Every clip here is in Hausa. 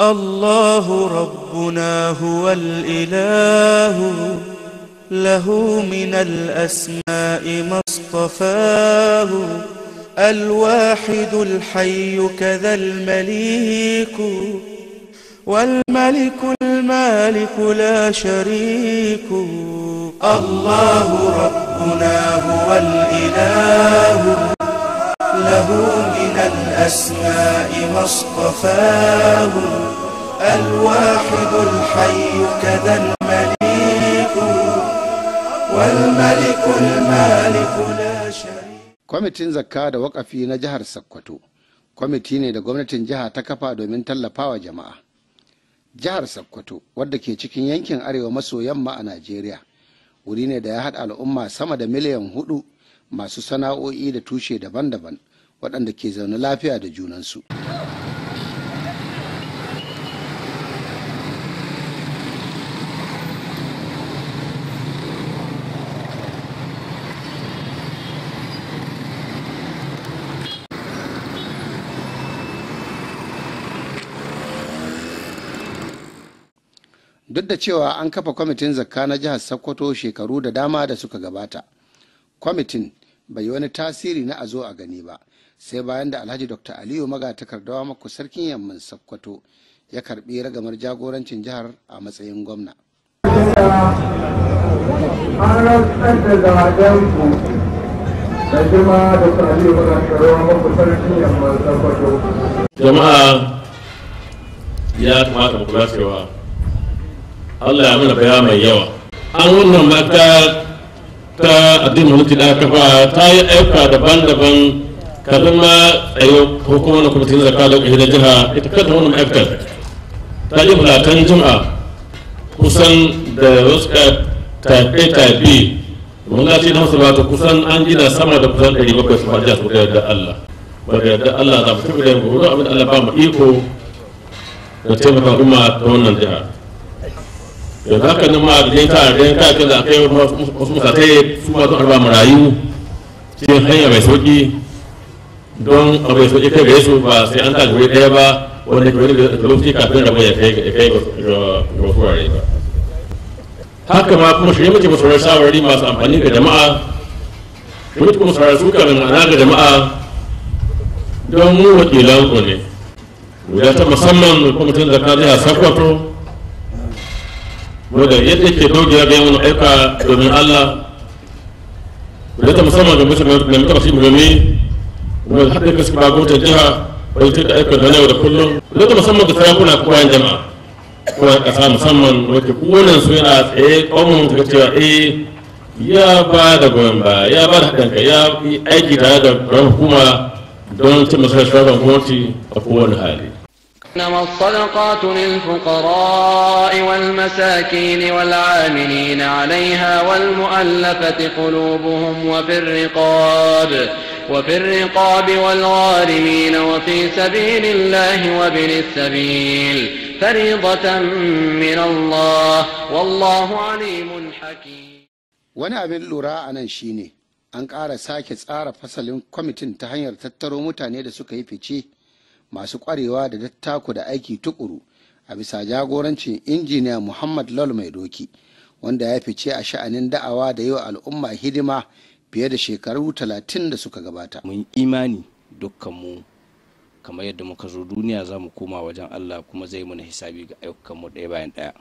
الله ربنا هو الإله له من الأسماء مصطفاه الواحد الحي كذا المليك والملك المالك لا شريك الله ربنا هو الإله له من الأسماء ما الواحد الحي كذا المليك والملك المالك لا شريك kwamitin zakka da wakafi na jihar sakkwato kwamiti ne da gwamnatin jiha ta kafa domin tallafawa jama'a jihar Sokoto wadda ke cikin yankin arewa maso yamma a Najeriya wuri ne da ya haɗa al'umma sama da miliyan hudu masu sana'o'i da tushe daban-daban waɗanda ke zaune lafiya da junansu. duk da cewa an kafa kwamitin zakka na jihar sokoto shekaru da dama da suka gabata kwamitin bai wani tasiri na a zo a gani ba sai bayan da alhaji dr aliyu magatakardawa mako sarkin yamman sakkwato ya karbi ragamar jagorancin jihar a matsayin gwamna an ku da da aliyu magatakardawa mako sarkin jama'a ya kamata mu kula cewa Allah ya mana baya mai yawa an wannan mata ta addinin mutu da kafa ta yi aika daban-daban kafin ma tsayo hukumar kwamitin da kala da jiha ita kanta wani ma'aikatar ta ji bulatan jima'a kusan da wasu tafe tafi wanda ce na musulmata kusan an gina sama da kusan 700 su fajiya su da yadda Allah ba da yadda Allah za mu tafi da yanku abin Allah ba mu iko da taimakon kuma ta wannan jiha yanzu haka nan ma da ta da ta ce da aka yi wasu musatai su ma zuwa ba marayu cikin hanya mai sauki don abu ya sauƙi kai gare su ba sai an talibai ɗaya ba wanda ke wani lokaci kafin rabu ya kai ga wurare ba haka ma kuma shirya mace masu shawarwari masu amfani ga jama'a shirya mace kuma sauran suka mai ma'ana ga jama'a don mu wakilan ku ne guda ta musamman kwamitin zakar jihar sakwato wadda yadda ke dogewa ga yawan aika domin allah guda ta musamman ga mutum da mutum da mutum domin haɗin kai su jiha wajen da aikin yau da kullum da musamman da sarakuna ko bayan jama'a ko na ƙasa musamman wacce kowannen su yana tsaye ƙwamin ta cewa eh ya ba da goyon ba ya ba da haɗin kai ya aiki tare da hukuma don cin masarar shugaban a kowane hali. إنما الصدقات للفقراء والمساكين والعاملين عليها والمؤلفة قلوبهم وفي الرقاب وفي الرقاب والغارمين وفي سبيل الله وابن السبيل فريضة من الله والله عليم حكيم وانا abin lura انا nan انك an ساكس sake tsara fasalin kwamitin ta hanyar tattaro mutane da masu kwarewa da dattako da aiki tukuru a bisa jagorancin injiniya muhammad lal mai doki wanda ya fice a sha'anin da'awa da wa al'umma hidima fiye da shekaru talatin da suka gabata mun imani dukkanmu kamar yadda muka zo duniya za mu koma wajen allah kuma zai mana hisabi ga ayyukanmu ɗaya bayan ɗaya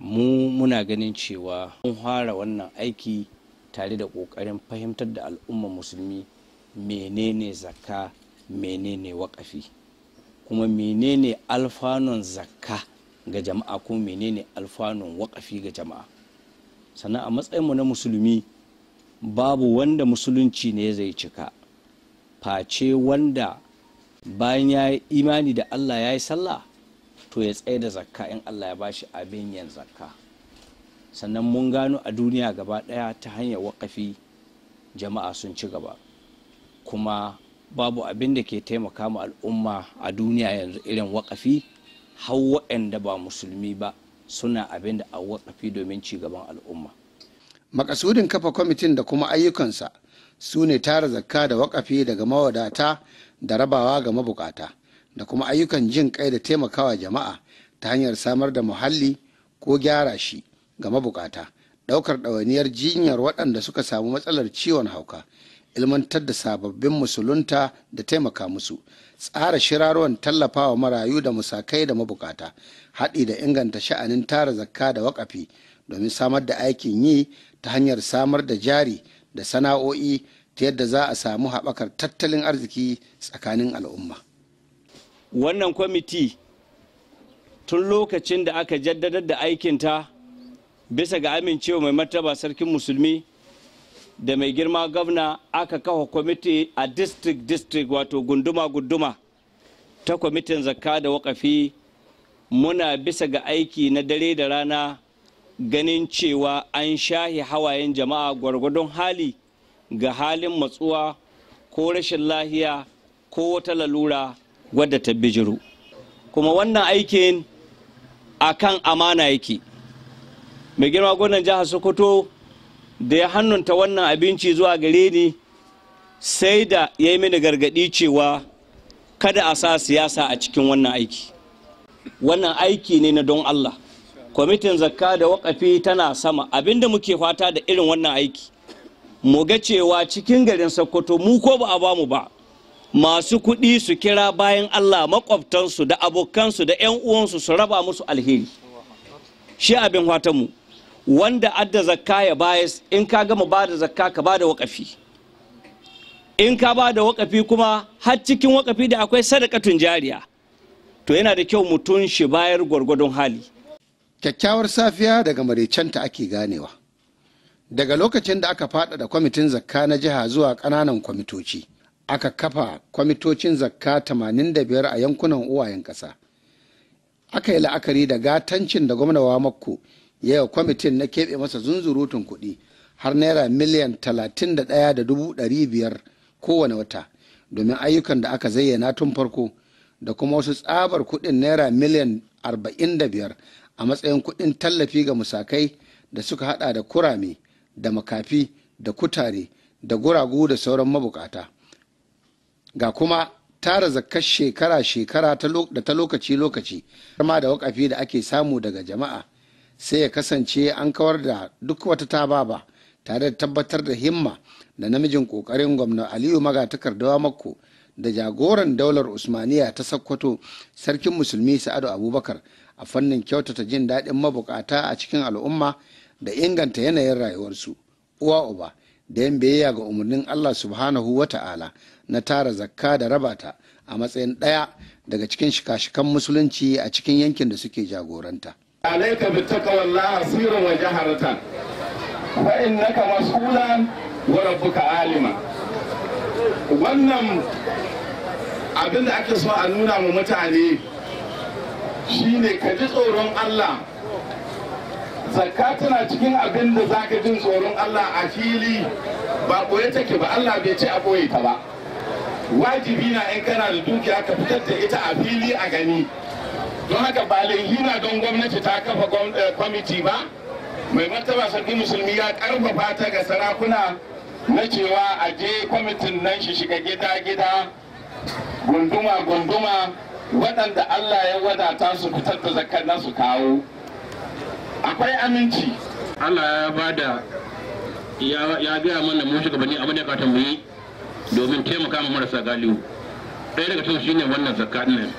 mu muna ganin cewa mun fara wannan aiki tare da ƙoƙarin fahimtar da al'ummar musulmi menene zakka menene waƙafi kuma menene alfanun zakka ga jama'a ko menene alfanun waƙafi ga jama'a sannan a matsayinmu na musulmi babu wanda musulunci ne zai cika face wanda bayan ya yi imani da allah ya yi sallah to ya tsaye da zakka in allah ya bashi abin yin zakka sannan mun gano a duniya gaba ɗaya ta hanyar waƙafi jama'a sun ci gaba kuma babu abin da ke taimaka ma al'umma a duniya yanzu irin wakafi har waɗanda ba musulmi ba suna abin da a wakafi domin gaban al'umma makasudin kafa kwamitin da kuma ayyukansa su ne tara zakka da wakafi daga mawadata da rabawa ga mabukata da kuma ayyukan jin kai da taimakawa jama'a ta hanyar samar da muhalli ko gyara shi ga mabukata Daukar ɗawainiyar jinyar waɗanda suka samu matsalar ciwon hauka ilmantar da sababbin musulunta da taimaka musu tsara shiraruwan tallafawa marayu da musakai da mabukata haɗi da inganta sha'anin tara zakka da wakafi domin samar da aikin yi ta hanyar samar da jari da sana'o'i ta yadda za a samu haɓakar tattalin arziki tsakanin al'umma wannan kwamiti tun lokacin da aka jaddadar da aikinta bisa ga amincewa mai martaba sarkin musulmi da mai girma gwamna aka kafa kwamiti a district district wato gunduma gunduma ta kwamitin zakka da wakafi muna bisa ga aiki na dare da rana ganin cewa an shahi hawayen jama'a gwargwadon hali ga halin matsuwa ko rashin lahiya ko wata lalura wadda ta bijiru kuma wannan aikin akan amana yake mai girma gwamnan jihar sokoto da ya hannunta wannan abinci zuwa gare ni sai da ya yi mini gargaɗi cewa kada a sa siyasa a cikin wannan aiki wannan aiki ne na don allah kwamitin zakka da wakafi tana sama abinda muke fata da irin wannan aiki mu ga cewa cikin garin sokoto mu ko ba a bamu ba masu kuɗi su kira bayan allah maƙwabtansu da abokansu da 'yan uwansu su raba musu alheri shi abin mu wanda adda zakka ya bayas in ka gama ba da zakka ka ba da wakafi, in ka ba da wakafi kuma har cikin wakafi da akwai sadakatun jariya to yana da kyau mutum shi bayar gwargwadon hali kyakkyawar safiya daga maraicenta ake ganewa daga lokacin da aka faɗaɗa kwamitin zakka na jiha zuwa ƙananan kwamitoci aka kafa kwamitocin zakka 85 a yankunan uwayen ƙasa aka yi la'akari da gatancin da gwamnawa makko yau kwamitin na keɓe masa zunzurutun kuɗi har naira miliyan talatin da da ɗaya dubu ɗari biyar kowane wata domin ayyukan da aka zayyana tun farko da kuma wasu tsabar kuɗin naira miliyan arba'in da biyar a matsayin kuɗin tallafi ga musakai da suka haɗa da kurame da makafi da kutare da guragu da sauran mabukata ga kuma tara zakkar shekara-shekara da ta lokaci-lokaci har ma da wakafi da ake samu daga jama'a sai ya kasance an kawar da duk wata ba tare da tabbatar da himma da namijin kokarin gwamna aliyu magatakar takardawa da jagoran daular usmaniya ta sakkwato sarkin musulmi sa'adu abubakar a fannin kyautata jin daɗin mabukata a cikin al'umma da inganta yanayin rayuwarsu uwa uba da yin biyayya ga umarnin allah subhanahu wa ta'ala na tara zakka da rabata a matsayin ɗaya daga cikin shika-shikan musulunci a cikin yankin da suke jagoranta عليك بالتقوى الله سيرا وجهرة فإنك مسؤولا وربك عالما wannan abin da ake so a nuna ma mutane shine ka ji tsoron Allah zakka tana cikin abin da za ka jin tsoron Allah a fili ba ɓoye take ba Allah bai ce a ɓoye ta ba wajibi na in kana da dukiya ka fitar da ita a fili a gani don haka ba na don gwamnati ta kafa eh, kwamiti ba mai martaba sarki musulmi ya karfafa ta ga sarakuna na cewa a je kwamitin nan shi shiga gida-gida gunduma-gunduma waɗanda allah ya wadata su fitar da zakar nasu su kawo akwai aminci allah ya ba da ya gaya mana mun shiga bane abin da ka mu yi domin taimaka mu marasa galiu ɗaya daga cikin shine wannan zakka nan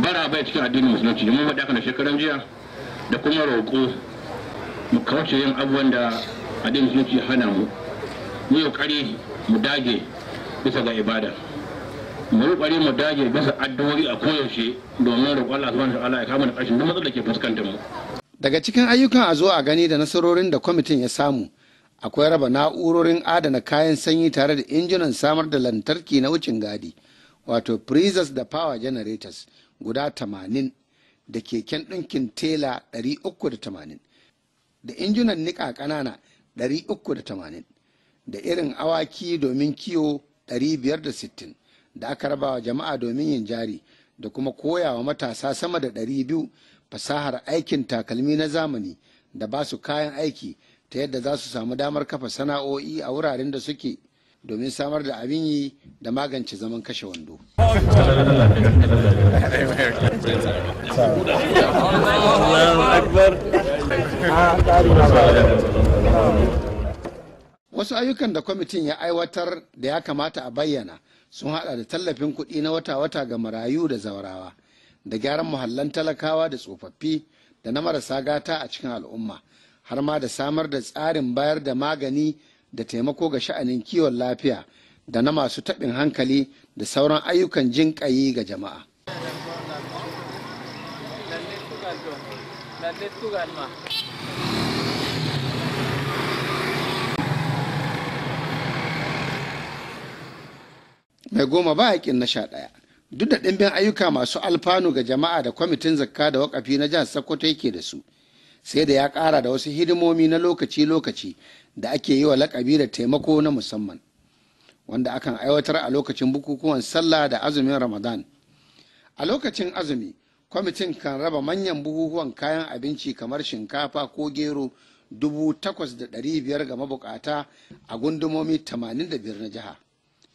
bara bai cikin addinin musulunci mun faɗi haka shekaran jiya da kuma roƙo mu kauce yin abubuwan da addinin musulunci hana mu mu yi ƙari mu dage bisa ga ibada mu yi ƙari mu dage bisa addu'o'i a koyaushe domin roƙon Allah subhanahu wa ta'ala ya kama da ƙarshen duk matsalar da ke fuskantar mu daga cikin ayyukan a zo a gani da nasarorin da kwamitin ya samu akwai raba na'urorin adana kayan sanyi tare da injunan samar da lantarki na wucin gadi wato freezers da power generators guda 80 da keken ɗinkin tela 380 da injunan niƙa ƙanana 380 da irin awaki domin kiwo 560 da aka rabawa jama'a domin yin jari da kuma koyawa matasa sama da 200 fasahar aikin takalmi na zamani da ba su kayan aiki ta yadda za su samu damar kafa sana'o'i a wuraren da suke domin samar da abin yi da magance zaman kashe wando. Wasu ayyukan da kwamitin ya aiwatar da ya kamata a bayyana sun hada da tallafin kuɗi na wata-wata ga marayu da zaurawa, da gyaran muhallan talakawa da tsofaffi da na marasa gata a cikin al'umma, har ma da samar da tsarin bayar da magani da taimako ga sha'anin kiwon lafiya da na masu taɓin hankali da sauran ayyukan jinƙayi ga jama'a. mai goma ba haƙin na sha ɗaya duk da ɗimbin ayyuka masu alfanu ga jama'a da kwamitin zakka da Waƙafi na jihar sokoto yake da su sai da ya kara da wasu hidimomi na lokaci-lokaci da ake yi wa lakabi da taimako na musamman wanda akan aiwatar a lokacin bukukuwan sallah da azumin ramadan a lokacin azumi kwamitin kan raba manyan bukukuwan kayan abinci kamar shinkafa ko gero dubu takwas da biyar ga mabukata a gundumomi biyar na jiha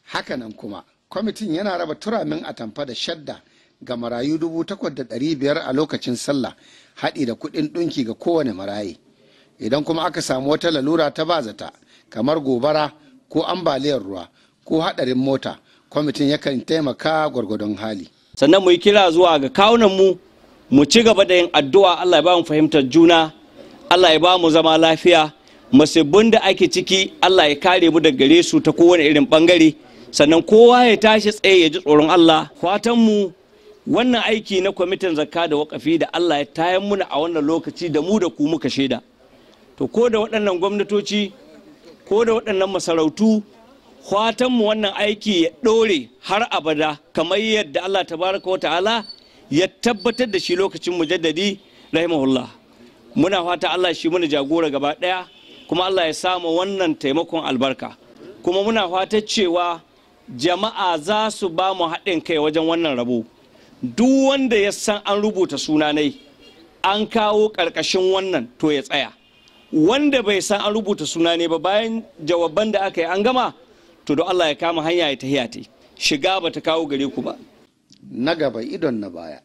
hakanan kuma kwamitin yana raba turamin atamfa da shadda ga marayu dubu takwas da ɗari biyar a lokacin sallah haɗi da kuɗin ɗunki ga kowane marayi idan kuma aka samu wata lalura ta bazata kamar gobara ko ambaliyar ruwa ko haɗarin mota kwamitin yakan taimaka gwargwadon hali sannan mu yi kira zuwa ga kawunan mu mu ci gaba da yin addu'a Allah ya ba mu fahimtar juna Allah ya ba mu zama lafiya masibbin da ake ciki Allah ya kare mu daga gare su ta kowane irin bangare sannan kowa ya tashi tsaye ya ji tsoron Allah fatan mu wannan aiki na kwamitin zakka da wakafi da Allah ya tayan muna a wannan lokaci da mu da ku muka shaida to ko da waɗannan gwamnatoci ko da waɗannan masarautu mu wannan aiki ya ɗore har abada kamar yadda Allah tabaraka wa ta'ala ya tabbatar da shi lokacin mujaddadi rahimahullah muna fata Allah shi muna jagora gaba ɗaya kuma Allah ya samu wannan taimakon albarka kuma muna fata cewa jama'a za su ba mu haɗin kai wajen wannan rabo duk wanda ya san an rubuta sunanai an kawo ƙarƙashin wannan to ya tsaya wanda bai san an rubuta suna ne ba bayan jawaban da aka yi an gama to don Allah ya kama hanya ya tahiya ta shiga ba ta kawo gare ku ba na gaba idon na baya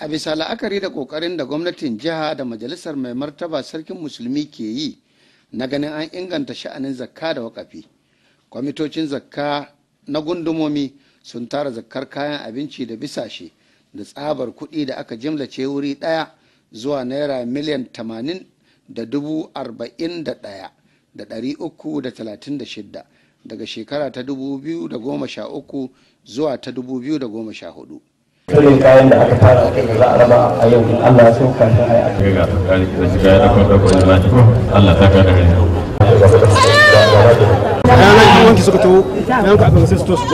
a bisa la'akari da kokarin da gwamnatin jiha da majalisar mai martaba sarkin musulmi ke yi na ganin an inganta sha'anin zakka da wakafi kwamitocin zakka na gundumomi sun tara zakkar kayan abinci da bisa shi da tsabar kuɗi da aka jimlace wuri ɗaya zuwa naira miliyan tamanin da dubu arba'in da ɗaya da ɗari uku da talatin da shidda daga shekara ta dubu biyu da goma sha uku zuwa ta dubu biyu da goma sha hudu. Shirin kayan da aka tara kai da za a raba a yau in Allah so ka ta haya. Kai ga ta kare ki da shiga ya da kwanta ko Allah ta kare ni. thank you taho yan ka abin sai su to su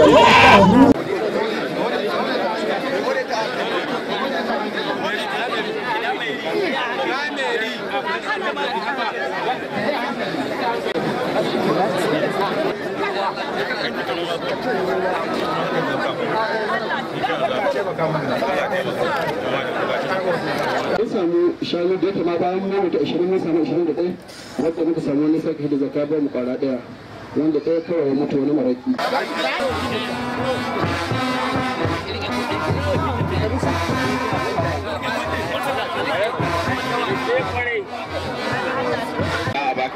shanu da ya kama bayan da 20 mun 21 wadda muka samu wani da zakka ba mu kwara daya wanda sai kawai mutu wani maraki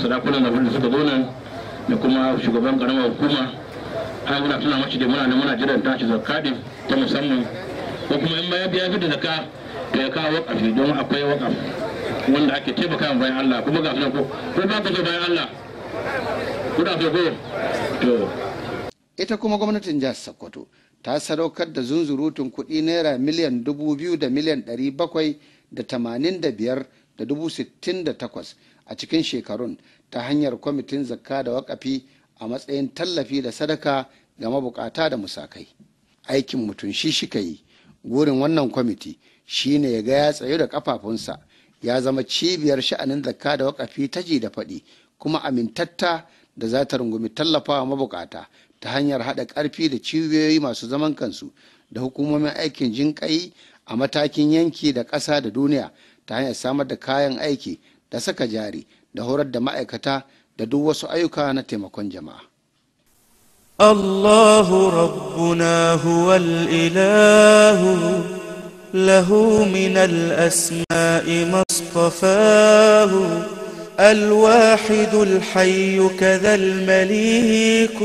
sarakunan da da suka zo nan da kuma shugaban karamar hukuma har muna tuna mace da muna muna jiran tashi zakka din ta musamman ko kuma in ya biya da zakka da ya kawo wakafi don akwai wakaf wanda ake taimaka bayan Allah kuma ga ko ko ba ka bayan Allah kuna so ko to ita kuma gwamnatin jihar Sokoto ta sadaukar da zunzurutun kuɗi naira miliyan dubu biyu da miliyan ɗari bakwai da tamanin da biyar da dubu sittin da takwas a cikin shekarun ta hanyar kwamitin zakka da wakafi a matsayin tallafi da sadaka ga mabukata da musakai aikin mutum shi shika yi gurin wannan kwamiti shine ya gaya tsayo da kafafunsa ya zama cibiyar sha'anin zakka da wakafi ta ji da faɗi kuma amintatta da za ta rungumi tallafawa mabukata ta hanyar haɗa ƙarfi da cibiyoyi masu zaman kansu da hukumomin aikin jinƙai a matakin yanki da ƙasa da duniya ta hanyar samar da kayan aiki da saka jari da horar da ma'aikata da duk wasu ayyuka na taimakon jama'a الله ربنا هو الإله له من الأسماء ما اصطفاه الواحد الحي كذا المليك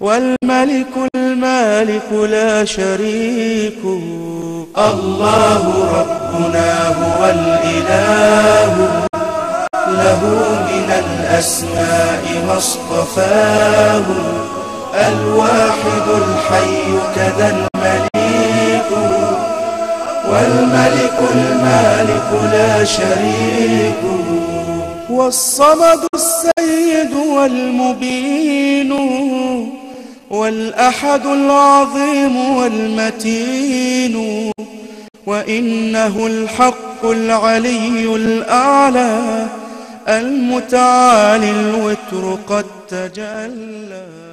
والملك المالك لا شريك الله ربنا هو الإله له من الأسماء ما اصطفاه الواحد الحي كذا المليك والملك المالك لا شريك والصمد السيد والمبين والأحد العظيم والمتين وإنه الحق العلي الأعلى المتعالي الوتر قد تجلى